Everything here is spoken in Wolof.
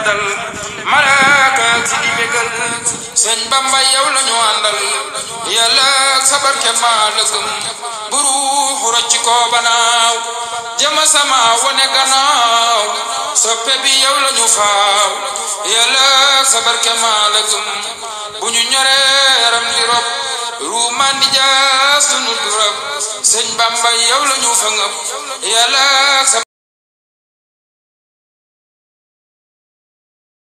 matal malaaka si di bégal sëñ Bamba yow la ñu àndal yàlla sa barke maa la gëm bu ruuxu rocc banaaw jëma sama wane gannaaw soppe bi yow la faaw yàlla sa barke maa la bu ñu ñoree yaram rob ruumaan di jaas sunu durab sëñ Bamba yow la ñu fa ngëm